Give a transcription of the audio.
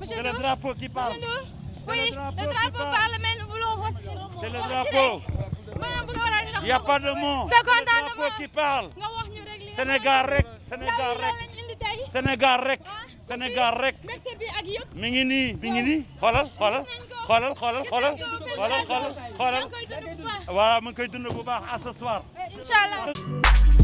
Monsieur le drapeau qui parle. Oui, le drapeau parle, mais nous voulons voir C'est le drapeau. Il n'y a pas de mots. C'est le drapeau qui parle. Sénégal rec, Sénégal rec. Sénégal rec, Sénégal rec. Mingini, Mingini. Holal, holal. Xolal xolal xolal xolal xolal xolal voilà mang koy dund bu baax accessoire inshallah